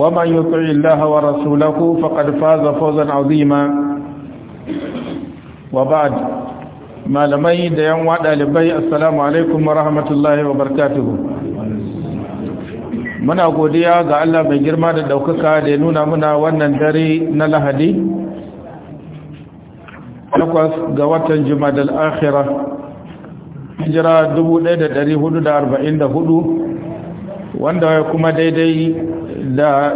ومن يطع الله ورسوله فقد فاز فوزا عظيما وبعد ما لمي ديان وعد لبي السلام عليكم ورحمة الله وبركاته muna godiya ga Allah mai girma da ɗaukaka da ya nuna muna wannan dare na lahadi takwas ga watan da akhira hijira 1444 wanda ya kuma daidai eh, da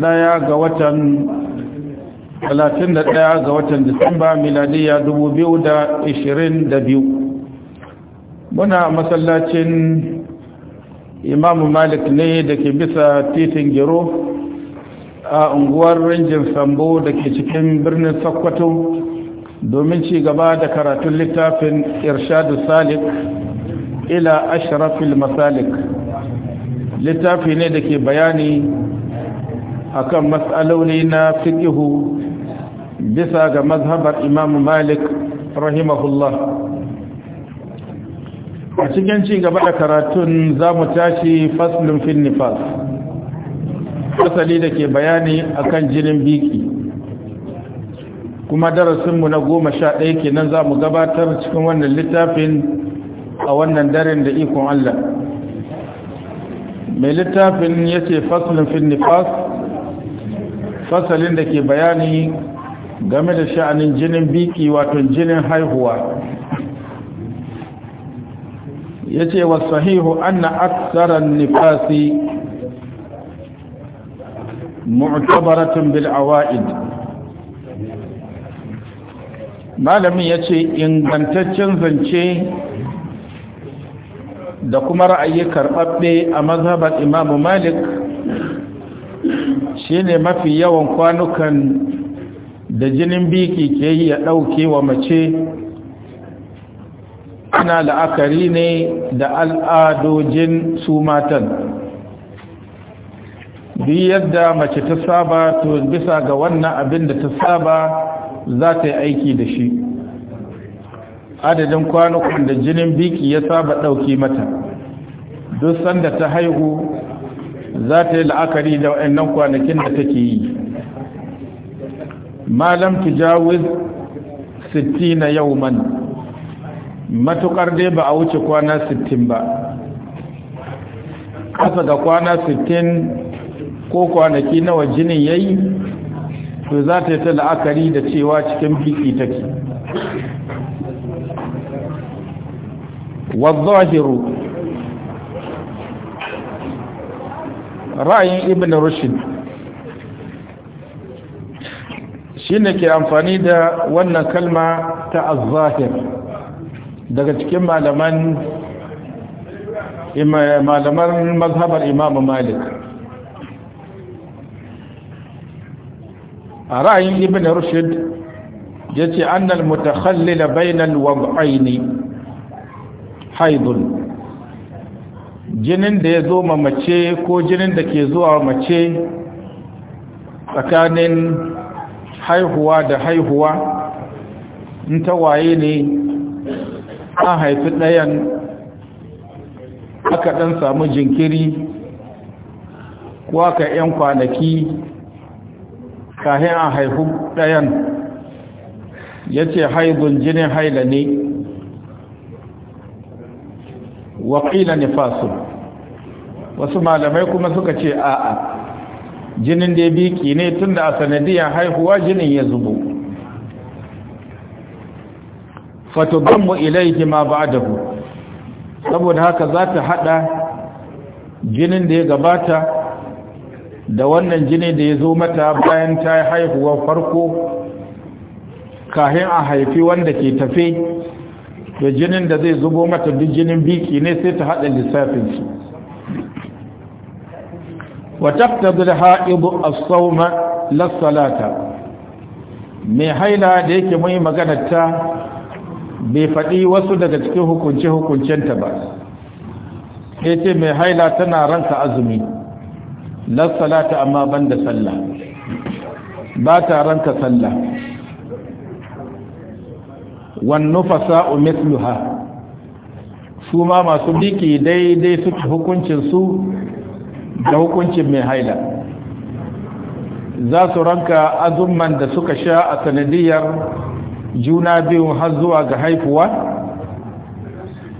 daya ga watan 31 ga watan disamba miladiya 2022 muna masallacin imamu malik ne da ke bisa titin gero a unguwar rinjin sambo da ke cikin birnin sokoto domin ci gaba da karatun littafin irshadu salik ila ashrafil masalik littafi ne da ke bayani akan matsaloli na fikihu bisa ga mazhabar Imam malik rahimahullah a cikin ci gaba da karatun za mu tashi faslin fin fasali da ke bayani akan jinin biki kuma darasinmu na goma sha ɗaya kenan za mu gabatar cikin wannan littafin a wannan daren da ikon Allah mai littafin ya ce fasalin finnifas fasalin da ke bayani game da sha'anin jinin biki wato jinin haihuwa ya ce wa sahihu anna aksarar nifasi mu'tabaratun bil'awa'id malamin ya ce ingantaccen zance da kuma ra'ayi karɓaɓɓe a mazhabar imamu malik shine mafi yawan kwanukan da jinin biki ke yi ya ɗauke wa mace ana la'akari ne da al'adojin su matan bi yadda mace ta saba to bisa ga wannan abin da ta saba za ta yi aiki da shi adadin kwanukun da jinin biki ya saba ɗauki mata duk sanda ta haihu za ta yi la'akari da wa'annan kwanakin da take yi malam na 60 man matukar dai ba a wuce kwana 60 ba kasa ga kwana 60 ko kwanaki nawa jinin yayi to za ta yi ta la'akari da cewa cikin biki take Wazahiru, ra'ayin ibn rushd shine ke amfani da wannan kalma ta az daga cikin malaman malaman mazhabar imam malik a ra'ayin ibn rushd yace annal mutakhallil bainal ne. haidun jinin da ya zo ma mace ko jinin da ke zuwa mace tsakanin haihuwa da haihuwa in ta waye ne an haifi ɗayan aka ɗan samu jinkiri ko aka 'yan kwanaki kahin an haihu ɗayan ya ce haidun jinin haila ne waƙila nifasun wasu malamai kuma suka ce a'a jinin da ya biki ne tun da a sanadiyar haihuwa jinin ya zubo fatubanmu ilaihi ma ba da dahu saboda haka za ta haɗa jinin da ya gabata da wannan jini da ya zo mata bayan ta haihuwa farko kahin a haifi wanda ke tafe da jinin da zai zubo mata duk jinin biki ne sai ta haɗa lissafin su wa taqtadu al-ha'idu as lis-salata mai haila da yake mai magana ta bai faɗi wasu daga cikin hukunce-hukuncenta ba ya ce mai haila tana ranka azumi lassalata amma ban da sallah ba ta ranka sallah wan nufasa mithluha su ma masu biki daidai suke hukuncin su da hukuncin mai haida. za su ranka azumman da suka sha a sanadiyar juna biyu har zuwa ga haifuwa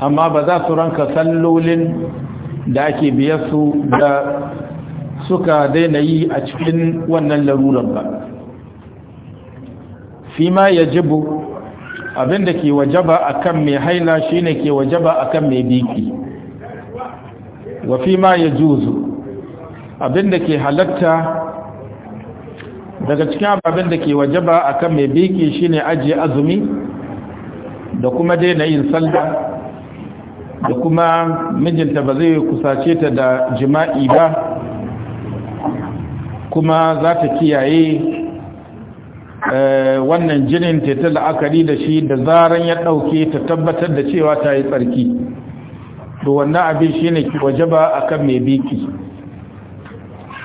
amma ba za su ranka sallolin da ake biyarsu da suka daina yi a cikin wannan larurar ba fi ma ya jibu abin da ke wajaba akan mai haila shine ke wajaba akan mai biki wa fi ma yajuzu abin da ke halatta daga cikin abin da ke wajaba akan mai biki shine ajiye azumi da kuma daina yin sallah da kuma mijinta ba zai kusace ta da jima'i ba kuma za ta kiyaye Eh, wannan jinin ta ta la'akari da shi da zaran ya ɗauke ta tabbatar da cewa ta yi tsarki to wannan abin shi ne wajaba a kan mai biki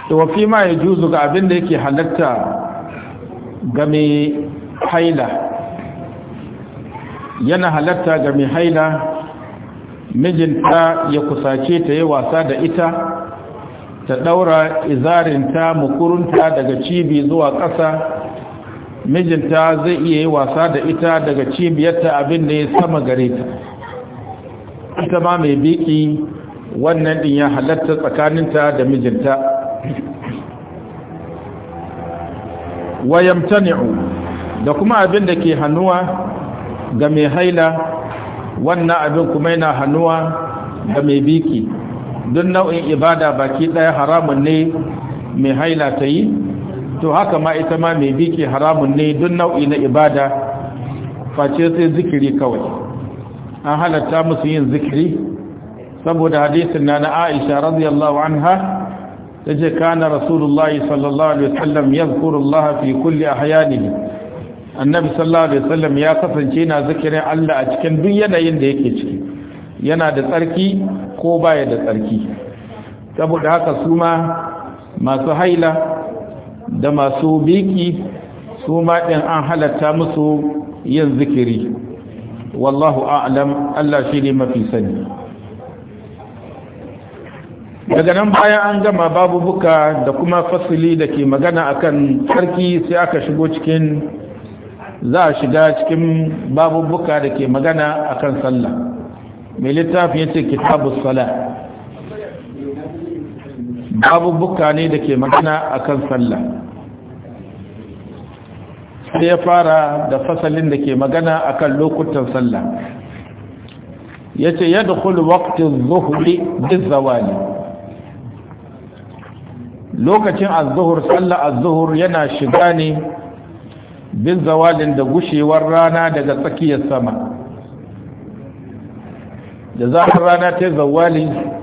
to wafi ma ya juzu ga abin da yake halatta ga mai haila yana halatta ga mai haila mijinta ya kusace ta yi wasa da ita ta ɗaura izarinta mukurunta daga cibi zuwa ƙasa mijinta zai iya yi wasa da ita daga cibiyarta abin da ya sama gare ta ita ma mai biki wannan din ya halatta tsakaninta da mijinta wayamtani'u da kuma abin da ke hannuwa ga mai haila wannan abin kuma yana hannuwa ga mai biki don nau'in ibada baki ɗaya haramun ne mai haila ta yi to haka ma ita ma mai ke haramun ne don nau'i na ibada face sai zikiri kawai an halatta musu yin zikiri saboda hadisin na na aisha radiyallahu anha ta ce kana rasulullahi sallallahu alaihi wasallam ya Allah fi kulli ahyanihi annabi sallallahu alaihi wasallam ya kasance na zikirin Allah a cikin duk yanayin da yake ciki yana da tsarki ko baya da tsarki saboda haka su ma masu haila da masu biki su ma ɗin an halatta musu yin zikiri wallahu a'lam Allah shi ne mafi sani daga nan bayan an gama babu buka da kuma fasili da ke magana akan sarki sai aka shigo cikin za a shiga cikin babu buka da ke magana akan sallah mai littafin yace kitabus sala babubuka ne da ke magana a kan sallah sai ya fara da fasalin da ke magana a kan lokutan sallah ya ce ya dukul waktin zuhuri duk zawali lokacin azuhur sallah azuhur yana shiga ne bin zawalin da gushewar rana daga tsakiyar sama da zafin rana ta zawali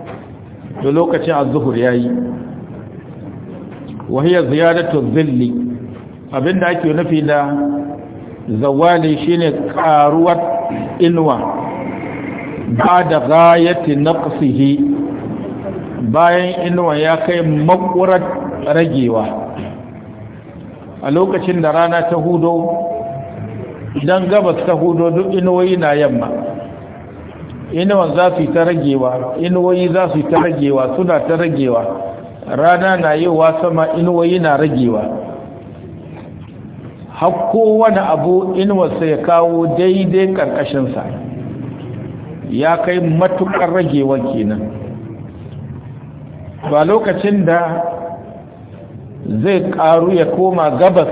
to lokacin az-zuhur yayi wa hiya ziyadatu dhilli abinda ake nufi da zawali shine karuwar inuwa ba da na naqsihi bayan inuwa ya kai makurar ragewa a lokacin da rana ta hudo idan gabas ta hudo duk inuwoyi na yamma inuwan za su ta ragewa inuwoyi za su yi ta ragewa suna ta ragewa rana na yiwa sama inuwoyi na ragewa hakko wani abu inuwarsa ya kawo daidai ƙarƙashinsa ya kai matuƙar ragewa kenan ba lokacin da zai ƙaru ya koma gabas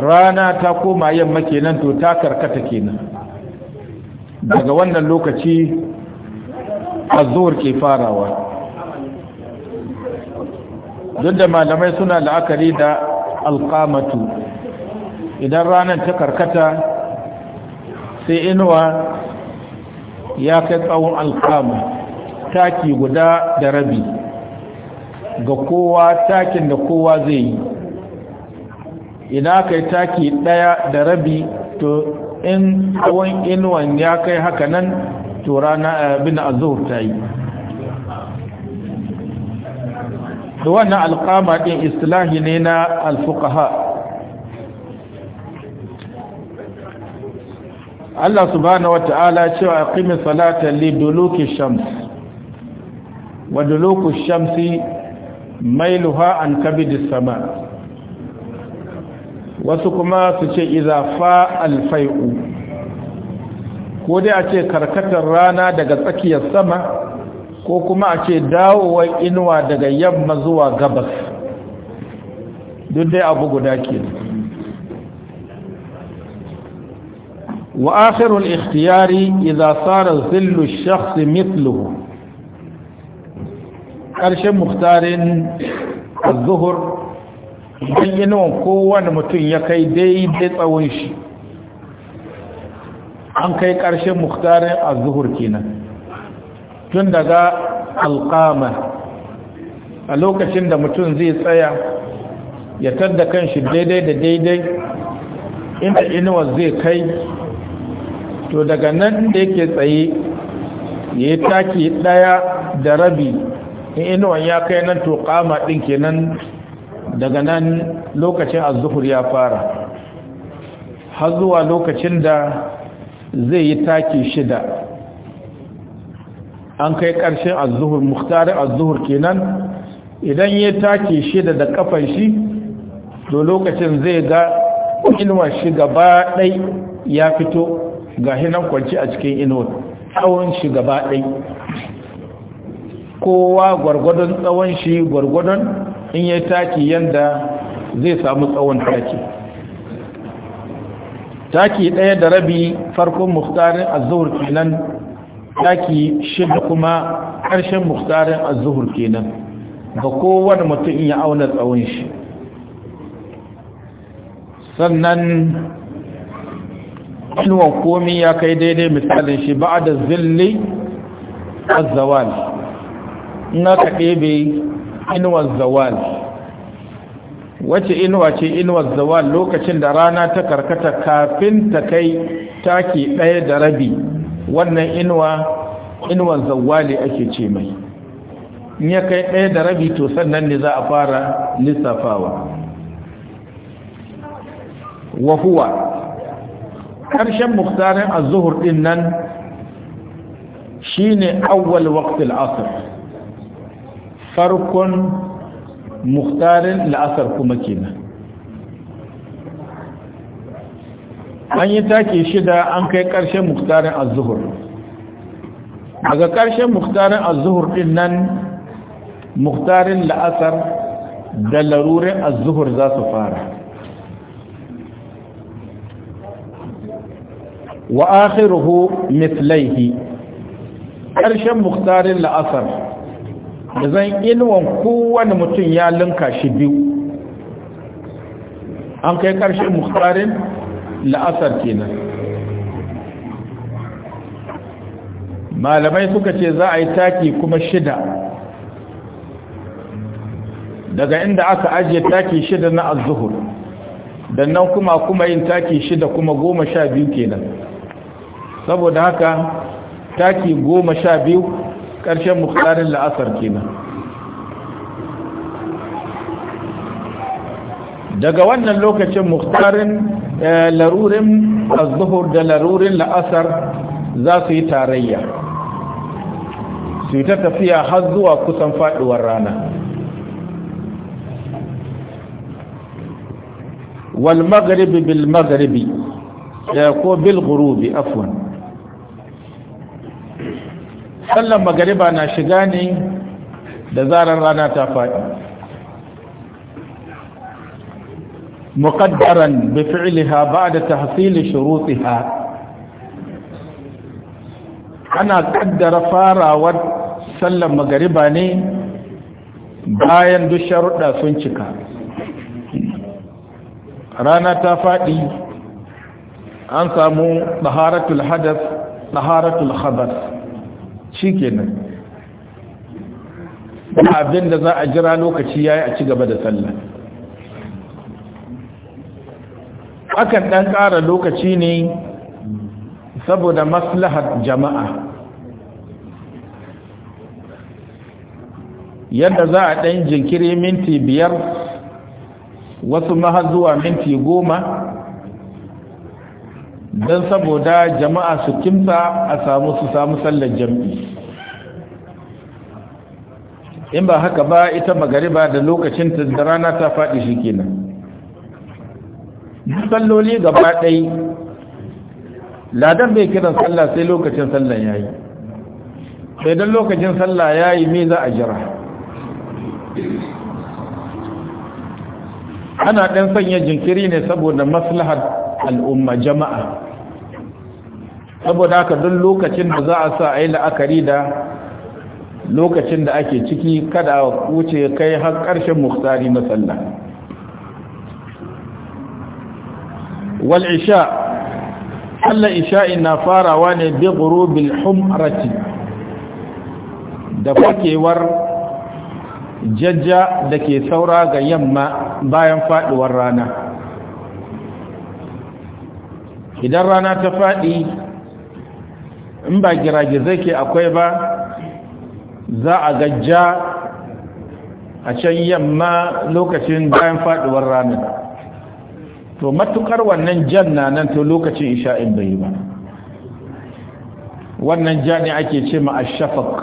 rana ta koma yamma kenan to ta karkata kenan daga wannan lokaci azuwar ke farawa duk da malamai suna la'akari da alkamatu idan ranar ta karkata sai inuwa ya kai tsawon alƙama, taki guda da rabi ga kowa takin da kowa zai yi idan aka yi taki ɗaya da rabi to in tsawon inuwan ya kai haka nan to rana eh, bin azur ta yi da wannan alkama ɗin istilahi ne na alfukaha Allah subhanahu wata'ala cewa aqimi salata li duluki shams wa duluku shamsi mailuha an kabidi sama wasu kuma su ce iza fa alfai'u ko dai a ce karkatar rana daga tsakiyar sama ko kuma a ce dawowar inuwa daga yamma zuwa gabas duk dai abu guda ke wa akhirul ikhtiyari idza sara zillu shakhs mithluhu karshen muhtarin az-zuhr idan inuwan kowane mutum ya kai daidai tsawon shi an kai ƙarshen muktarin a zuhur kenan tun daga alƙama a lokacin da mutum zai tsaya ya tadda shi daidai da daidai inda inuwa zai kai to daga nan da yake tsaye ya yi taki ɗaya da rabi in inuwa ya kai nan to ƙama ɗin kenan daga nan lokacin azuhur ya fara har zuwa lokacin da zai yi taki shida an kai ƙarshen azuhur muhtarin azuhur kenan idan ya taki shida da kafan shi to lokacin zai ga inuwa shi gaba ɗai ya fito ga hinan kwanci a cikin inuwa tsawon shi gaba ɗai kowa gwargwadon tsawon shi gwargwadon in ya taki yanda zai samu tsawon taki taki ɗaya da rabi farkon muhtarin azuhur kenan taki shida kuma ƙarshen muhtarin azuhur kenan ga kowane mutum in ya auna tsawon shi sannan inuwan komi ya kai daidai misalin shi ba da zilli azawal in aka ɗebe inuwar zawal wace inuwa ce inuwar zawal lokacin da rana ta karkata kafin ta kai taki ɗaya da rabi wannan inuwa inuwar zawali ake ce mai in ya kai ɗaya da rabi to sannan ne za a fara lissafawa wahuwa ƙarshen muktarin azuhur ɗin nan shine awwal waktil asr farkon muhtarin la'asar kuma kenan an yi take shida an kai ƙarshen muhtarin azuhur daga ƙarshen muhtarin azuhur ɗin nan muhtarin la'asar da larurin azuhur za su fara wa akhiruhu mithlaihi ƙarshen muhtarin la'asar da zan inuwan kowane mutum ya linka shi biyu an kai ƙarshen muhtarin la'asar kenan malamai suka ce za a yi taki kuma shida daga inda aka ajiye taki shida na azuhur nan kuma kuma yin taki shida kuma goma sha biyu kenan saboda haka taki goma sha biyu ƙarshen muktarin la'asar kenan daga wannan lokacin muktarin eh, larurin azuhur da larurin la'asar za su yi tarayya su yi ta tafiya har zuwa kusan faɗuwar rana wal maghribi bil maghribi eh, ko bil afwan sallan magariba na shiga ne da zarar rana ta faɗi muqaddaran bi fi'liha ba'da tahsil shurutiha ana kaddara farawar sallan magariba ne bayan duk sharuɗa sun cika rana ta faɗi an samu ɗaharatul hadas ɗaharatul khabar shi kenan abin da za a jira lokaci ya yi a ci gaba da sallah akan ɗan ƙara lokaci ne saboda maslahar jama'a yadda za a ɗan jinkiri minti biyar wasu maha zuwa minti goma don saboda jama'a su kimsa a samu su samu sallar jam'i in ba haka ba ita magariba da lokacin da rana ta faɗi shi kenan salloli gaba ɗai ladan bai kiran sallah sai lokacin sallah ya yi sai don lokacin sallah ya yi me za a jira ana ɗan sanya jinkiri ne saboda maslahar al'umma jama'a saboda haka duk lokacin da za a sa a yi la'akari da lokacin da ake ciki kada a wuce kai har ƙarshen muhtari matsala wal'isha Allah isha'in na farawa ne bi ghurubin humrati da fakewar jajja da ke saura ga yamma bayan faduwar rana idan rana ta faɗi in ba giragizai ke akwai ba za a gajja a can yamma lokacin bayan faɗuwar rana to matukar wannan jan na nan to lokacin isha'in bai ba wannan ja ne ake ce ma ashafaq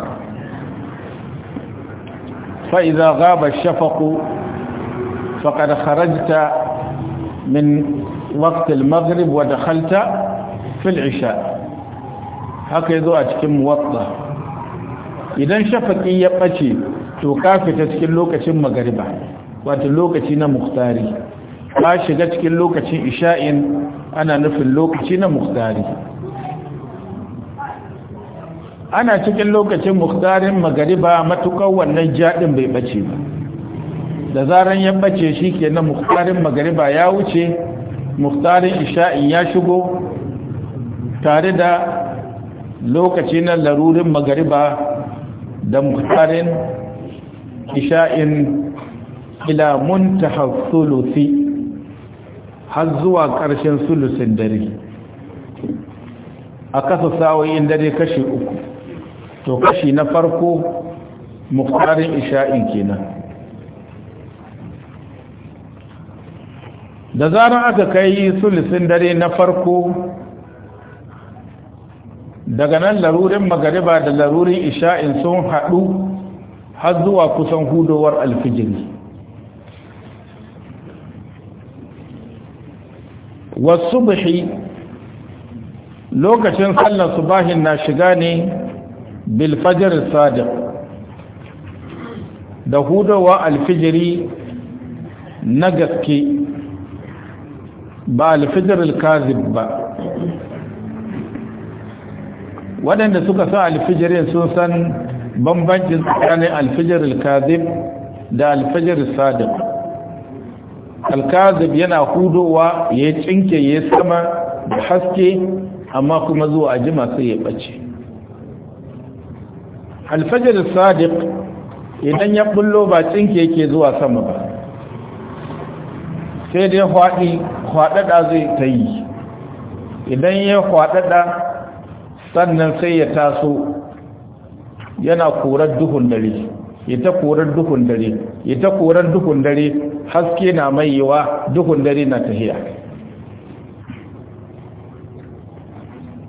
fa idza ghaba ashafaqu faqad kharajta min وقت المغرب ودخلت في العشاء haka yazo a cikin muwatta idan shafaqi ya bace to ka fita cikin lokacin magariba wato lokaci na muhtari ka shiga cikin lokacin isha'in ana nufin lokaci na muhtari ana cikin lokacin muhtarin magariba matukan wannan jaɗin bai bace ba da zaran ya bace shi ke na muhtarin magariba ya wuce muhtarin isha'in ya shigo tare da lokaci na larurin magariba da muftarin isha'in ila muntahar har zuwa ƙarshen sulusin dare a kasa sawayin dare kashi uku to kashi na farko muftarin isha'in kenan da zarar aka kai sulisin dare na farko daga nan larurin magariba da larurin isha'in sun haɗu har zuwa kusan hudowar alfijiri wasu bihi lokacin sallar subahin na shiga ne bilfajar sadiq da hudowa alfijiri na gaske ba alfijir alkazib ba waɗanda suka sa alfijirin sun san bambancin tsakanin alfijir alkazib da alfijir sadiq alkazib yana hudowa ya cinke ya sama da haske amma kuma zuwa a jima sai ya ɓace alfajir sadiq idan ya bullo ba cinke yake zuwa sama ba sai dai faɗi kwaɗaɗa zai ta yi idan ya kwaɗaɗa sannan sai ya taso yana korar duhun dare ita korar duhun dare ita korar duhun dare haske na maiwa duhun dare na tahiya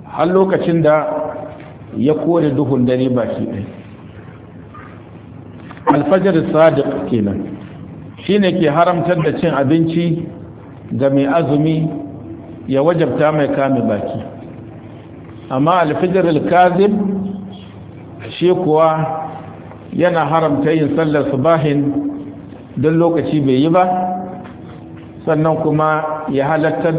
har lokacin da ya kore duhun dare ba baki ɗaya alfajar sadiq kenan shine ke haramtar da cin abinci ga mai azumi ya wajabta mai kame baki amma alfijar alkazin shi kuwa yana haramta yin sallar subahin don lokaci bai yi ba sannan kuma ya halattar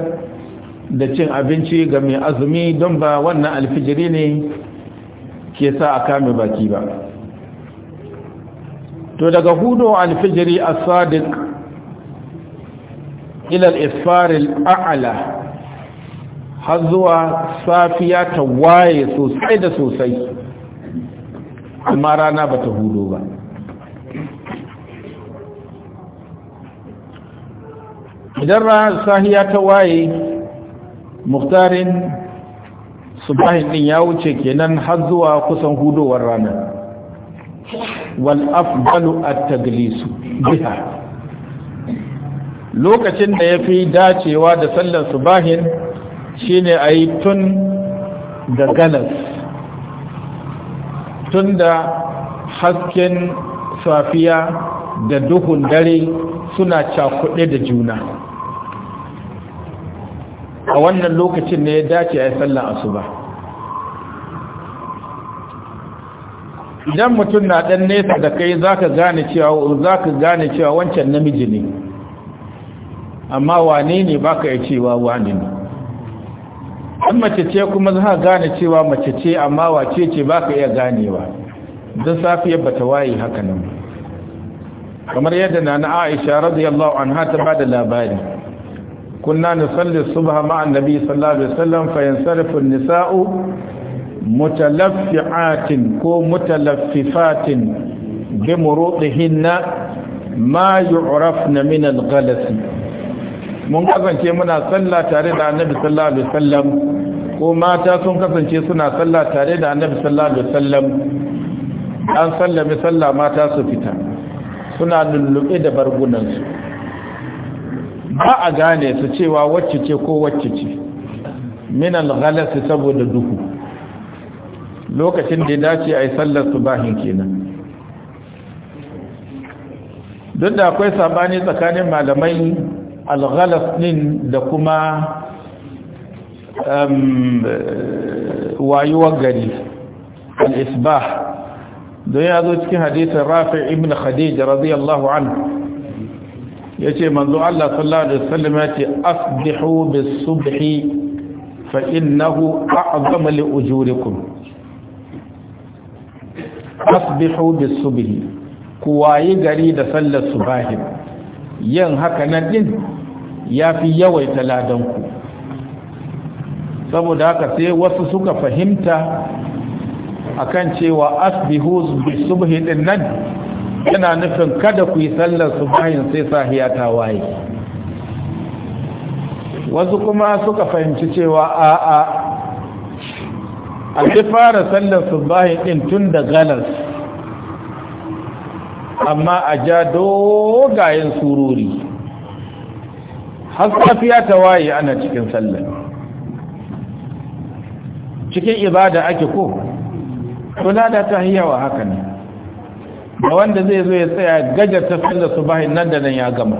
da cin abinci ga mai azumi don ba wannan alfijiri ne ke sa a kame baki ba to daga hudu alfijiri a sadiq Ilal al-isfar al har zuwa safiya ta waye sosai da sosai amma rana bata hudu ba idan ranar sahiya ta waye muktarin subahin din ya wuce kenan har zuwa kusan hudowar ranar wal at-tadlisu biha lokacin da yafi dacewa da sallar subahin shine ayi tun da galas tun da hasken safiya da duhun dare suna cakuɗe da juna a wannan lokacin ne ya dace a yi sallar asuba idan mutum na dan nesa da kai zaka gane cewa zaka gane cewa wancan namiji ne amma wane ne baka ya cewa wane ne dan mace ce kuma za gane cewa mace ce amma wace ce baka iya ganewa dan safiyar bata waye haka nan kamar yadda nana Aisha radiyallahu anha ta bada labari kunna nusalli subha ma'an nabi sallallahu alaihi wasallam fa yansarifu an-nisa'u mutalaffi'atin ko mutalaffifatin bi murudihinna ma yu'rafna min al-ghalas mun kasance muna sallah tare da annabi sallallahu alaihi wasallam ko mata sun kasance suna sallah tare da annabi sallallahu alaihi wasallam an sallame sallah mata su fita suna lulluɓe da bargunansu ba a gane su cewa wacce ce ko wacce ce minan galasi saboda duhu lokacin da ya dace a yi sallar subahin kenan duk da akwai sabani tsakanin malamai alghalas din da kuma um, wayuwar gari al-isbah don ya zo cikin hadisin rafi ibn khadija radiyallahu an ya ce manzo Allah sallallahu alaihi wasallam ya ce asbihu bis subhi fa innahu a'zamu li ujurikum asbihu bisubhi ku wayi gari da sallar subahi yin haka nan din yafi yawaita ku. saboda haka sai wasu suka fahimta akan cewa asbihu bisubhi din nan yana nufin kada ku yi sallar subahin sai sahiya ta waye wasu kuma suka fahimci cewa a'a a ci fara sallar subahi ɗin tun da galas amma a ja dogayen sururi har ta waye ana cikin sallar cikin ibada ake ko suna da ta hiyawa haka ne da wanda zai zo ya tsaya gajar ta sallar subahi nan da nan ya gama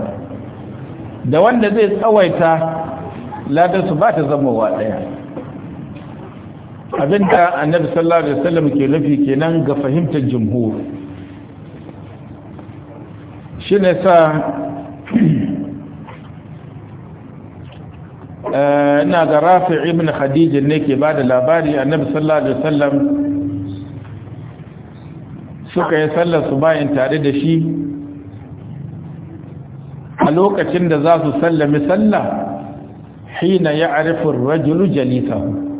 da wanda zai tsawaita ladar su ba ta zama wa ɗaya abinda annabi sallallahu alaihi wasallam ke nufi kenan ga fahimtar jumhur shi ne sa eh, ina ga rafi ibn khadija ne ke ba da labari annabi sallallahu alaihi wasallam suka yi sallar su bayan tare da shi a lokacin da za su sallami sallah hina ya arifin rajulu jalisahu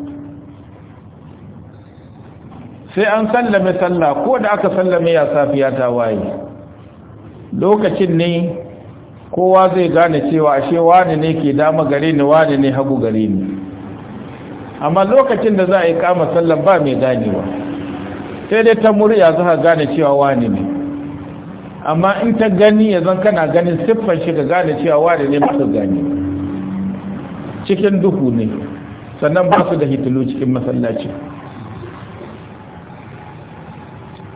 sai an sallame sallah ko da aka sallame ya safiya ta waye lokacin ne kowa zai gane cewa ashe wani ne ke dama gare ni wani ne hagu gare ni amma lokacin da za a yi kama sallah ba mai ganewa sai dai ta murya za ka gane cewa wani ne amma in ta gani ya zan kana ganin siffar shi ka gane cewa wani ne masu gani cikin duhu ne sannan ba su da hitilu cikin masallaci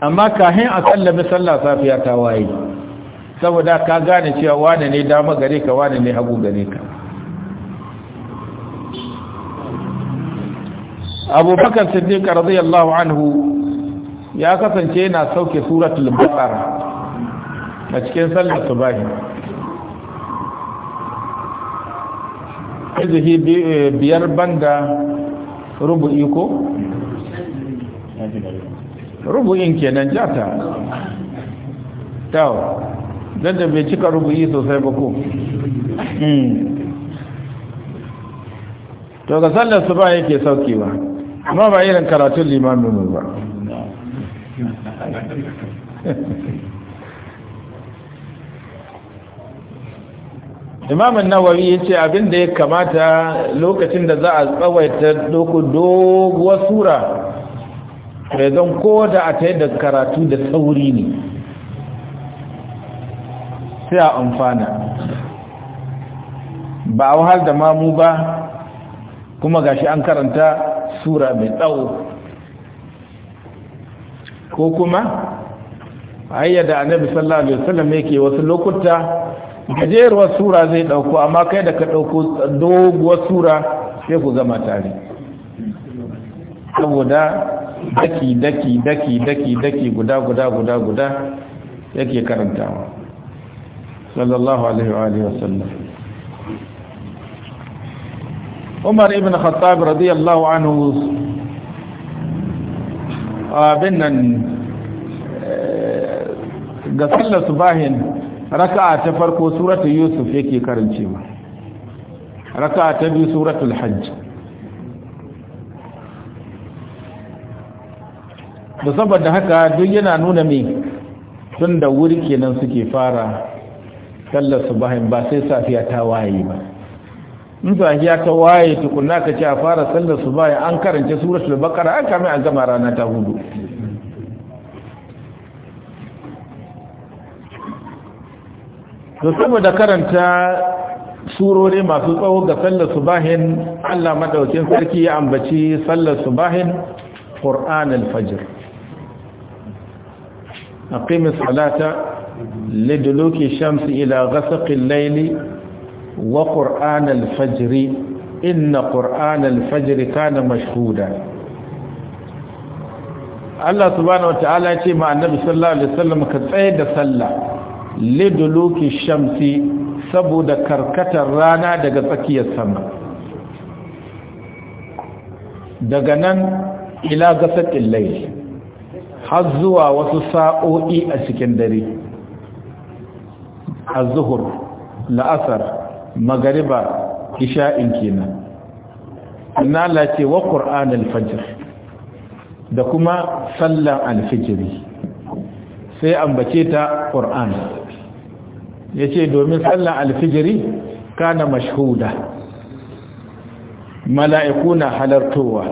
amma kahin a kallabi sallah safiya ta waye saboda ka gane cewa wane ne dama gare ka wane ne hagu gare ka abubakar siddiq radiyallahu anhu ya kasance yana sauke suratul baqara a cikin sallar subahi izihi eh, biyar banda rubu'i ko rubu'in kenan jata tawo don da bai cika rubu'i sosai ba ko hmm. to ga sallar su ba yake saukewa amma ba irin karatun limamin mu ba imamun nawawi ya ce abinda ya kamata lokacin da za a tsawaita doguwar sura sai don ko da a ta da karatu da sauri ne sai a amfana ba a wahal da mamu ba kuma gashi an karanta sura mai tsawo ko kuma hayya da annabi sallallahu alaihi wasallam yake wasu lokuta gajeruwar sura zai dauko amma kai da ka dauko doguwar sura sai ku zama tare saboda daki daki daki daki daki guda guda guda guda yake karantawa sallallahu alaihi wa alihi wasallam Umar ibn Khattab radiyallahu anhu abin nan ga sallar subahin raka'a ta farko suratul yusuf yake karancewa raka'a ta biyu suratul hajj da haka duk yana nuna mai tun da wuri kenan suke fara sallar bahin ba sai safiya ta waye ba in safiya ta waye tukunna ka ce a fara sallar bahin an karance suratul bakara an kame a gama rana ta hudu karanta surori masu tsawo ga sallar subahin Allah maɗaukin sarki ya ambaci sallar subahin Qur'an al-Fajr أقيم الصلاة لدلوك الشمس إلى غسق الليل وقرآن الفجر إن قرآن الفجر كان مشهودا Allah subhanahu wata'ala ya ce ma annabi sallallahu alaihi wasallam ka tsaye da sallah liduluki shamsi saboda karkatar rana daga tsakiyar sama daga nan ila gasaqil har zuwa wasu sa'o'i a cikin dare a zuhur la'asar magariba isha'in kenan inna la ce wa qur'an da kuma sallan alfijiri sai ambace ta Ya yace domin sallan alfijiri kana mashuda mala'iku na halartowa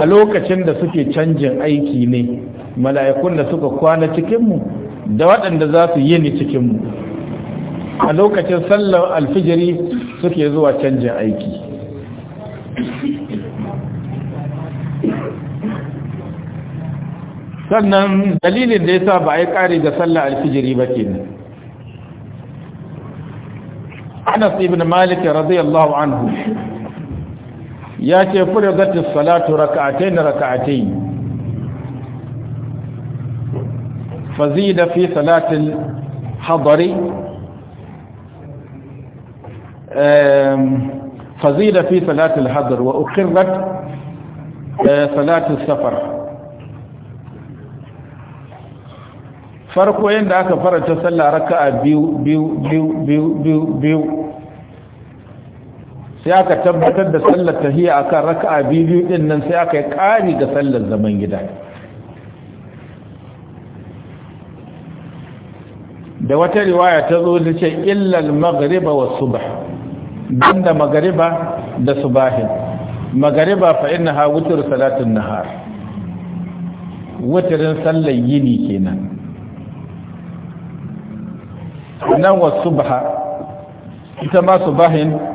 a lokacin da suke canjin aiki ne mala'ikun da suka kwana cikinmu da waɗanda za su yi ni cikinmu a lokacin sallar alfijiri suke zuwa canjin aiki sannan dalilin da ya sa ba a yi ƙari da sallar alfijiri ba ke nan anas ibn malik radiyallahu anhu ya ce furigatis salatu raka'atai na raka'atai fazida fi salatin hadari فزيد في صلاة الحضر farko yadda aka faranta sallah raka'a biyu biyu biyu biyu biyu sai aka tabbatar da sallar tahiyya akan raka'a biyu din nan sai aka yi ƙari ga sallar zaman gida da wata riwaya ta zo da ce illal maghriba wa subh banda maghriba da subahin maghriba fa innaha wutr salatun nahar wutrin sallar yini kenan nan wa subha ita ma subahin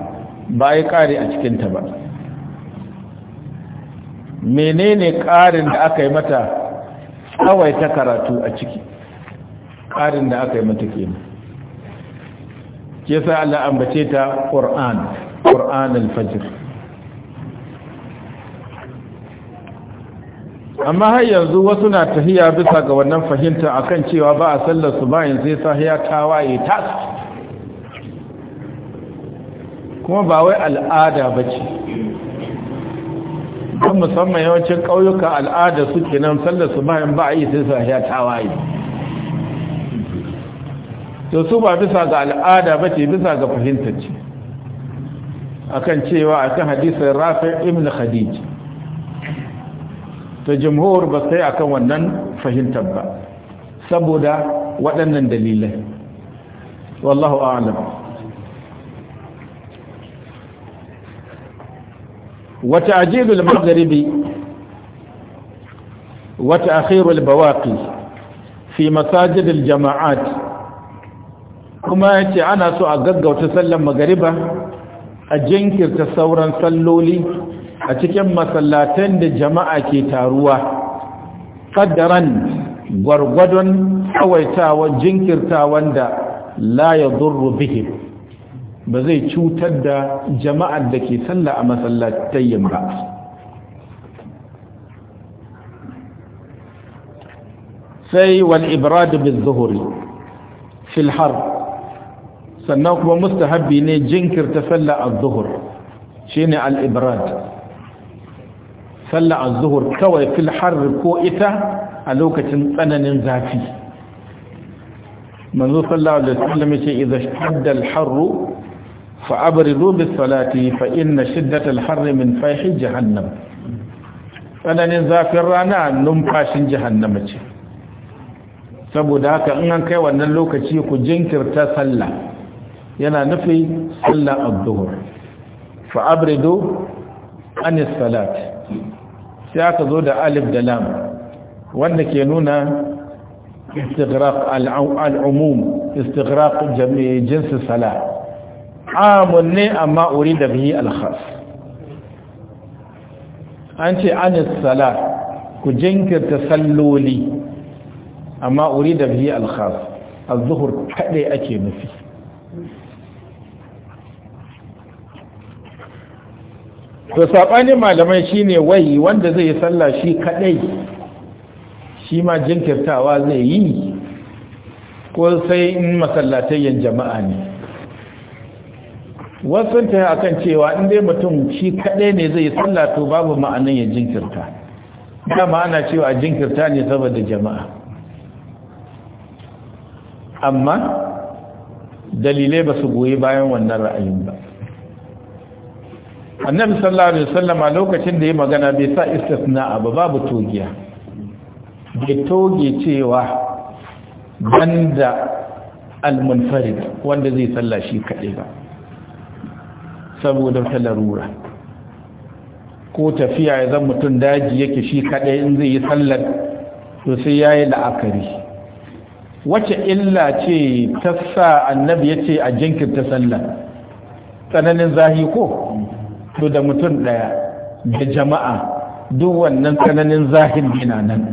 ba ya ƙari a cikinta ba menene ƙarin da aka yi mata ta karatu a ciki ƙarin da aka yi mata ke ke sa Allah ambace ta ƙor'an ƙor'an alfajir amma har yanzu wasu na tahiya bisa ga wannan fahimta akan cewa ba a sallar su bayan sai sahiya ta waye kuma ba wai al'ada ba ce don musamman yawancin ƙauyuka al'ada suke nan sallar su bayan ba a yi sai sahiya tawaye to su ba bisa ga al'ada ba ce bisa ga fahimtar ce akan cewa a kan hadisin rafi ibn khadij ta jimhur ba sai a kan wannan fahimtar ba saboda waɗannan dalilai wallahu a'lam wata ajilul magharibi wata akhirul bawaki fi masajidil jama'at kuma yace ana so a gaggauta Sallar magariba a jinkirta sauran salloli a cikin masallatan da jama'a ke taruwa ƙaddaran gwargwadon tsawaitawa jinkirta wanda la ya zurru ba zai cutar da jama'ar da ke sallah a masallatayyin ba sai wal ibrad bil zuhuri fil har sannan kuma mustahabbi ne jinkirta sallah az-zuhur shine al ibrad sallah az-zuhur kawai fil har ko ita a lokacin tsananin zafi manzo sallallahu alaihi wasallam yace idza shadda al-harru fa'abridu bis salati fa inna shiddatal harri min tsananin zafin rana numfashin jihannama ce saboda haka in an kai wannan lokaci ku jinkirta sallah yana nufi sallah abduhur fa'abridu anis salat sai aka zo da alif da lam wanda ke nuna istighraq al'umum istighraq jinsi salat amun ne amma uri da bihi alkhas an ce anis ku jinkirta salloli amma uri da bihi alkhas az-zuhur ake nufi to sabanin malamai shine wai wanda zai yi salla shi kaɗai, shi ma jinkirtawa zai yi ko sai in masallatayen jama'a ne wasu ta akan cewa in dai mutum shi kaɗai ne zai yi sallah to babu ma'anin ya jinkirta dama ma'ana cewa jinkirta ne saboda jama'a amma dalilai ba su goyi bayan wannan ra'ayin ba annabi sallallahu alaihi a lokacin da ya magana bai sa istisna ba babu togiya bai toge cewa banda al-munfarid wanda zai sallah shi kaɗai ba saboda wata larura ko tafiya ya zan mutum daji yake shi kaɗai in zai yi sallar to sai ya yi la'akari wace illa ce ta sa annabi ya ce a jinkirta sallar tsananin zahi ko to da mutum ɗaya da jama'a duk wannan tsananin zahin yana nan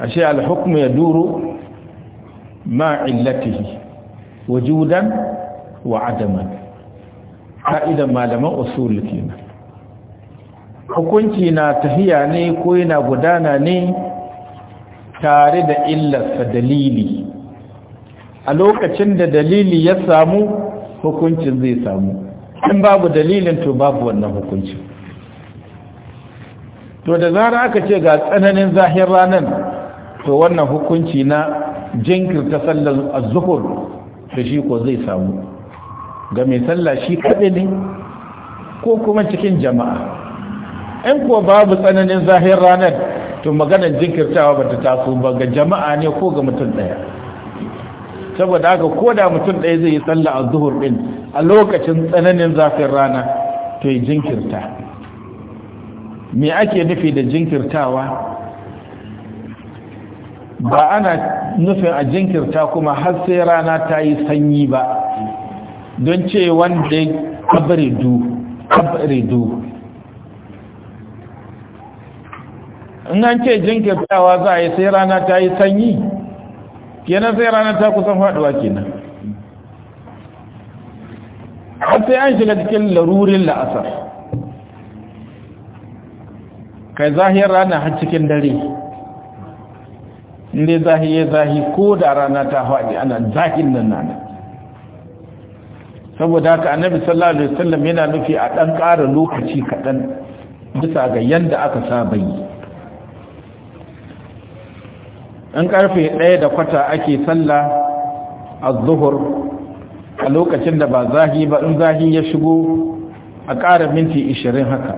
ashe alhukmu ya duru ma illatihi wujudan wa adama ka'idan malaman usul kenan hukunci na tafiya ne ko yana gudana ne tare da illarsa dalili a lokacin da dalili ya samu hukuncin zai samu in babu dalilin to babu wannan hukuncin to da zara aka ce ga tsananin zahir ranar to wannan hukunci na jinkirta sallar azuhur da shi ko zai samu ga mai sallah shi kaɗai ne ko kuma cikin jama'a in kuwa babu tsananin zahir ranar to maganar jinkirtawa ba ta taso ba ga jama'a ne ko ga mutum ɗaya saboda haka ko da mutum ɗaya zai yi sallah a zuhur ɗin a lokacin tsananin zafin rana to yi jinkirta me ake nufi da jinkirtawa ba ana nufin a jinkirta kuma har sai rana ta yi sanyi ba don ce wanda abridu abridu in an ce jinkirtawa za a yi sai rana ta yi sanyi kenan sai rana ta kusan faduwa kenan a sai an shiga cikin larurin la'asar kai zahiyar rana har cikin dare inda zahiye zahi ko da rana ta faɗi ana zahin nan nan saboda haka annabi sallallahu alaihi wasallam yana nufi a dan ƙara lokaci kaɗan bisa ga yanda aka saba yi an karfe ɗaya da kwata ake sallah a zuhur a lokacin da ba zahi ba in zahi ya shigo a ƙara minti 20 haka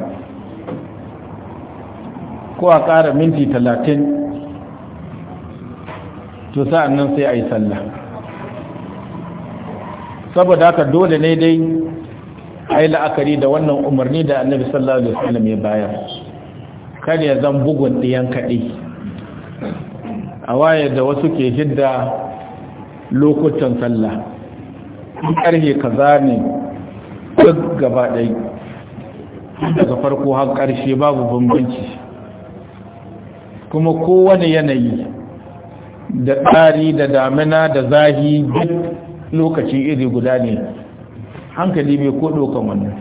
ko a ƙara minti 30 to sa'annan nan sai ayi sallah saboda haka dole ne dai a yi la'akari da wannan umarni da annabi sallallahu alaihi wasallam ya bayar kar ya zan bugun ɗiyan kaɗi a waye da wasu ke hidda lokutan sallah ƙarfe kaza ne duk gaba ɗai daga farko har ƙarshe babu bambanci kuma kowane yanayi da tsari da damina da zahi lokaci iri guda ne hankali mai ko ɗaukan wannan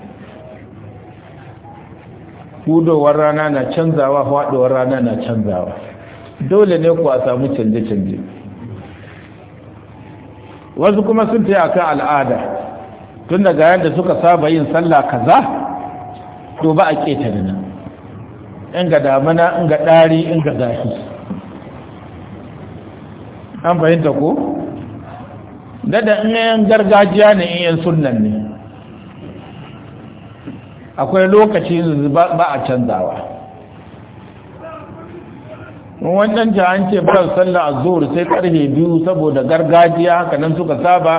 hudowar rana na canzawa faɗuwar rana na canzawa dole ne ku a samu canje-canje wasu kuma sun ta akan al'ada tun daga yadda suka saba yin sallah kaza to ba a ƙetare nan in ga damana in ga ɗari in ga zafi an fahimta ko? dada in yan gargajiya ne in yan sunnan ne akwai lokaci ba a canzawa wannan ta an ce bar sallah azhur sai karfe biyu saboda gargajiya haka nan suka saba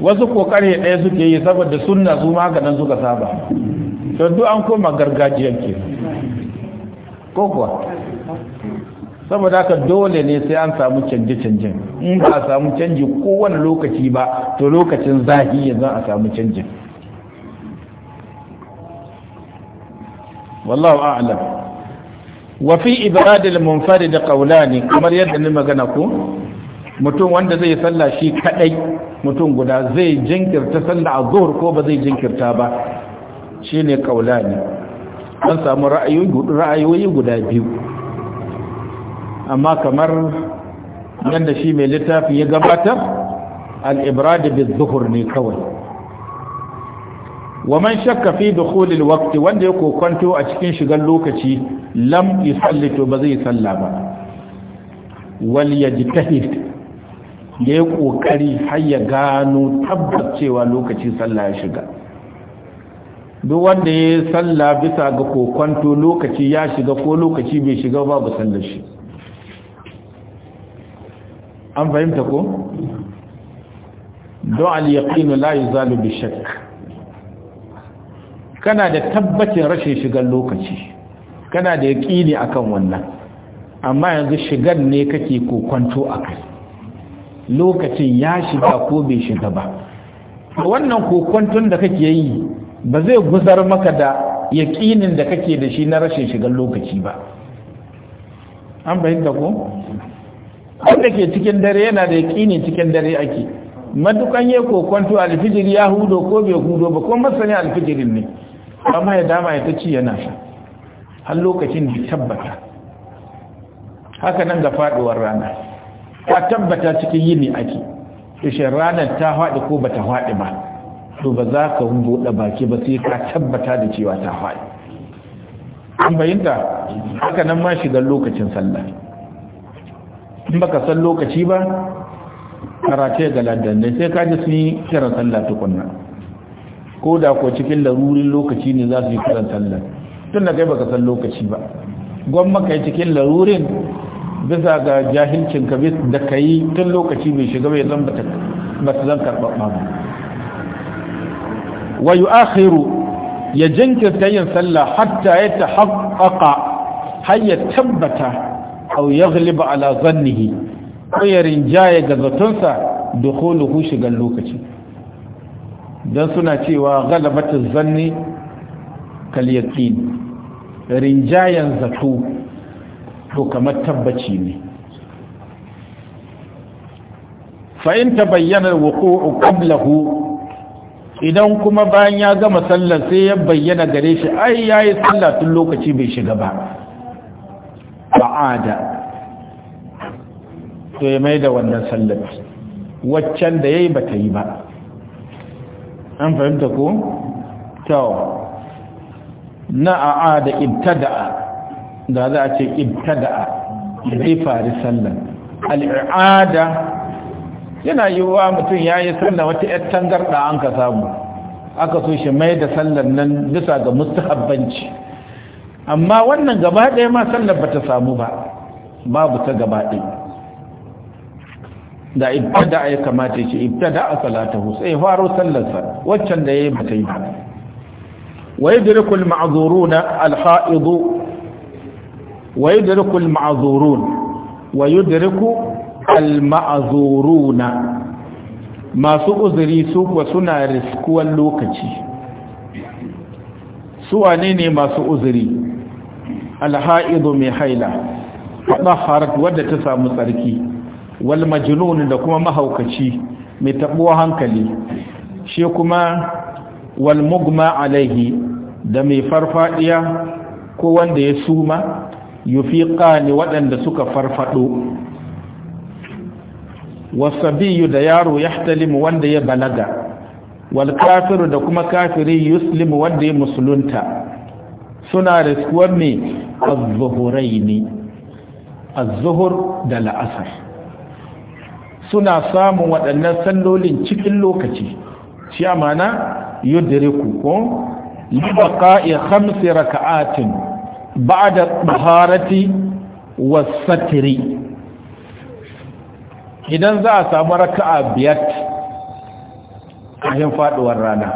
wasu ko karfe ɗaya suke yi saboda sunna su ma haka nan suka saba to duk an koma gargajiyar ke ko kuwa saboda haka dole ne sai an samu canje-canjen in ba a samu canji kowane lokaci ba to lokacin zahi yanzu a samu canjin wallahu a'lam wa fi ibadil munfarid qawlani kamar yadda ni magana ko mutum wanda zai salla shi kadai mutum guda zai jinkirta a azhur ko ba zai jinkirta ba shine qawlani an samu ra'ayoyi guda biyu amma kamar yadda shi mai littafi ya gabatar al'ibrad bil zuhur ne kawai wa man shakka fi dukhul al wanda ya kokonto a cikin shigar lokaci lam yusalli to ba zai salla ba wal yajtahid da ya kokari har ya gano tabbacewa lokacin sallah ya shiga duk wanda ya salla bisa ga kokonto lokaci ya shiga ko lokaci bai shiga babu sallar shi an fahimta ko don al-yaqinu la yuzalu bi shakk kana da tabbacin rashin shigar lokaci kana da yaqini akan wannan amma yanzu shigar ne kake kokonto akai lokacin ya shiga ko bai shiga ba wannan kokonton da kake yi ba zai gusar maka da yaƙinin da kake da shi na rashin shigar lokaci ba an fahimta ko wanda ke cikin dare yana da yaƙini cikin dare ake matukan ya kokonto alfijir ya hudo ko bai hudo ba ko masani alfijirin ne amma ya dama ya ta ci yana sha har lokacin da tabbata haka nan ga faduwar rana ta tabbata cikin yini ake ishe ranar ta haɗe ko bata haɗe ba to ba za ka buɗe baki ba sai ka tabbata da cewa ta haɗe an bayinta haka nan ma shigar lokacin sallah in baka san lokaci ba karace ga ladanne sai ka ji sun yi kiran sallah tukunna ko da ko cikin larurin lokaci ne za su yi kiran sallah tun da kai baka san lokaci ba gwamma maka cikin larurin bisa ga jahilcin ka da ka yi tun lokaci bai shiga bai zan ba ta zan karɓa ba wa yu akhiru ya jinkirta yin sallah hatta ya ta haƙaƙa har ya tabbata aw yaghlib ala zannihi ko ya rinjaye ga zatonsa dukhuluhu shigan lokaci dan suna cewa ghalabatu zanni kal yaqin rinjayen zato to kamar tabbaci ne fa in tabayyana wuqu'u qablahu idan kuma bayan ya gama sallar sai ya bayyana gare shi ai yayi sallah tun lokaci bai shiga ba ba'ada to ya mai da wannan sallar waccan da ya yi ba ta yi ba an fahimta ko? tawa na a'ada ibtada'a da za a ce ibtada'a zai fari sallar al'ada yana yi wa mutum ya yi sallar wata 'yar tangarɗa an ka samu aka so shi mai da sallar nan bisa ga mustahabbanci amma wannan gaba ɗaya ma sallar ba ta samu ba babu ta gaba ɗaya da ibtada ya kamata ce ibtada a salatahu sai faro sallarsa waccan da yayi bata yi ba wa yadriku al-ma'zuruna al-ha'id wa yadriku al ma'azurun wa yadriku al-ma'zuruna masu uzuri su kuwa suna riskuwan lokaci su wane ne masu uzuri alha'idu mai haila ɗaharat wadda ta samu tsarki wal majnun da kuma mahaukaci mai taɓuwa hankali shi kuma wal mugma alaihi da mai farfaɗiya ko wanda ya suma fi ne waɗanda suka Wasu biyu da yaro yahtalimu wanda ya balaga wal kafiru da kuma kafiri yuslimu wanda ya musulunta suna riskuwar ne zuhurai ne a zuhur da la'asar suna samun waɗannan sallolin cikin lokaci shi a amana yudriku ko libaqa'i hamsi raka'atin ba'da taharati was idan za a samu raka'a biyar a yin faduwar rana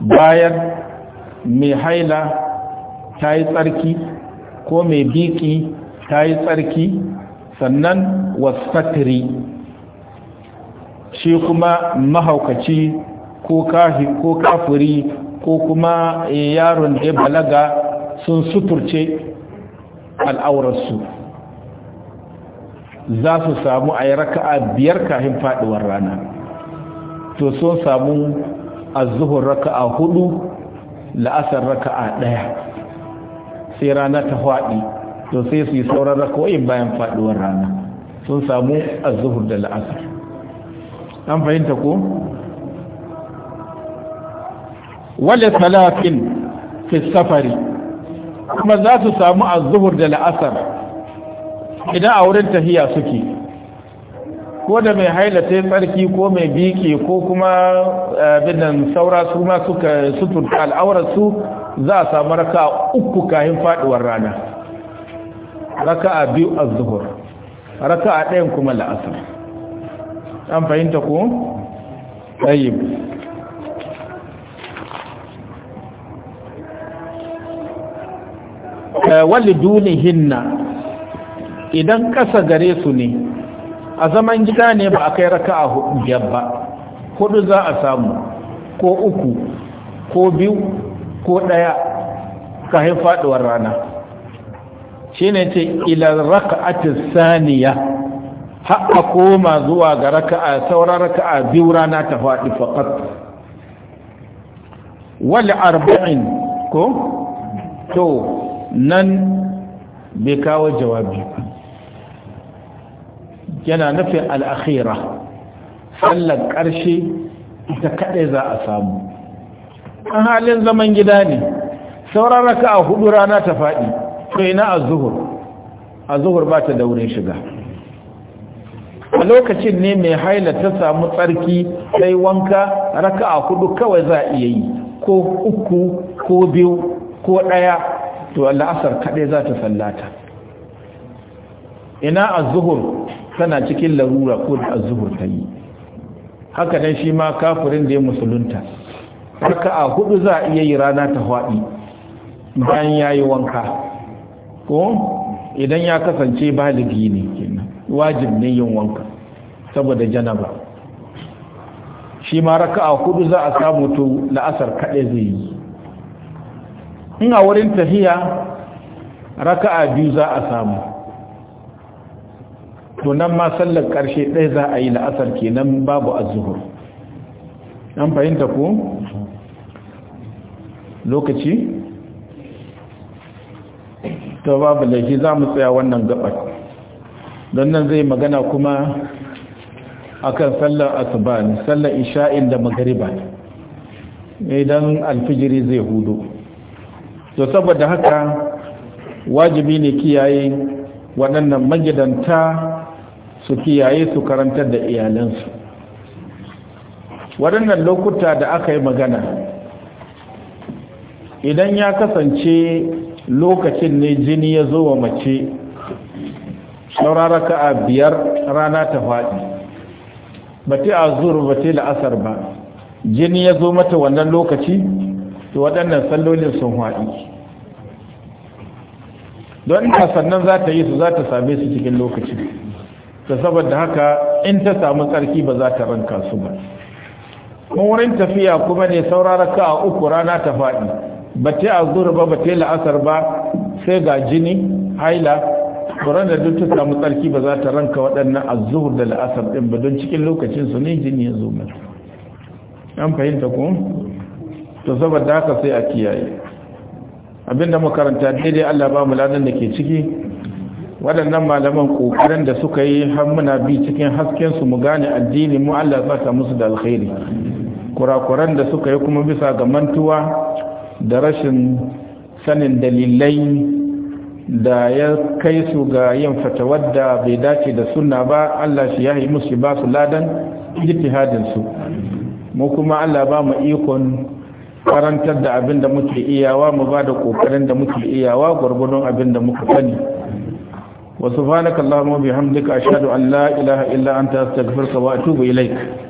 bayan mai haila ta yi tsarki ko mai biki ta yi tsarki sannan wasatiri shi kuma mahaukaci ko kafi ko kuma eh, yaron da ya balaga sun suturce al'aurarsu za su samu a yi raka a biyar kahin faduwar rana to sun samu a zuhun raka a hudu la'asar a ɗaya. sai rana ta faɗi to sai su yi sauran rakawai bayan faɗuwar rana sun samu azuhur da la'asar an fahimta ko wale salafin fi safari kuma za su samu azuhur da la'asar idan a wurin tahiya suke ko da mai ta tsarki ko mai biki ko kuma eh, nan saura su ma suka suturta al'aurarsu za a samu raka uku kayan faduwar rana raka a biyu a zuhur raka a ɗayan kuma la'asar an fahimta ko? ɗayyib eh, wali dunihinna idan ƙasa gare su ne a zaman gida ne ba a kai raka'a hudu biyar ba hudu za a samu ko uku ko biyu ko ɗaya kahin faɗuwar rana shi ne ce ilar a saniya haƙa koma zuwa ga raka'a sauran raka'a biyu rana ta faɗi faƙat wal arba'in ko to nan bai kawo jawabi yana nufin al'akhira sallar ƙarshe ita kaɗai za a samu an halin zaman gida ne sauran raka a hudu rana ta faɗi to ina a zuhur a zuhur ba ta da shiga a lokacin ne mai haila ta samu tsarki sai wanka raka a hudu kawai za a iya yi ko uku ko biyu ko ɗaya to la'asar kaɗai za ta sallata ina a zuhur tana cikin larura ko da azuhur ta yi haka nan shi ma kafirin da ya musulunta haka a hudu za a iya yi rana ta haɗi bayan ya yi wanka ko idan ya kasance baligi ne kenan wajib ne yin wanka saboda janaba shi ma raka a hudu za a samu to la'asar kaɗai zai yi ina wurin tafiya raka'a biyu za a samu to nan ma sallar ƙarshe ɗaya za a yi la'asar kenan babu azuhur an fahimta ko lokaci ta babu laifi za mu tsaya wannan gabar don nan zai magana kuma akan sallar asuba sallar isha'in da magariba idan alfijiri zai hudu to saboda haka wajibi ne kiyaye waɗannan magidanta su kiyaye su karantar da iyalansu waɗannan lokuta da aka yi magana idan ya kasance lokacin ne jini ya zo wa mace sauraraka a biyar rana ta faɗi ba ta azur ba ta la'asar ba jini ya zo mata wannan lokaci to waɗannan sallolin sun faɗi? don ta sannan za ta yi su za ta same su cikin lokacin. ta saboda haka in ta samu tsarki ba za ta ranka su ba wurin tafiya kuma ne saurara ka a uku rana ta faɗi ba ta a zuru ba ba ta la'asar ba sai ga jini haila ƙuran da duk ta samu tsarki ba za ta ranka waɗannan a zuru da la'asar ɗin ba don cikin lokacin su ne jini ya zo mai an fahimta ku to saboda haka sai a kiyaye abinda makaranta daidai allah ba mu ladan da ke ciki waɗannan malaman ƙoƙarin da suka yi har bi cikin hasken su mu gane addini mu Allah saka musu da alkhairi kurakuran da suka yi kuma bisa ga mantuwa da rashin sanin dalilai da ya kai su ga yin fatawar da bai dace da sunna ba Allah shi ya yi musu ba su ladan ijtihadin su mu kuma Allah ba mu ikon karantar da abin da muke iyawa mu ba da kokarin da muke iyawa gwargwadon abin da muka sani wa subhanaka allahumma bihamdika ashhadu an la ilaha illa gafar ka wa atubu ilaik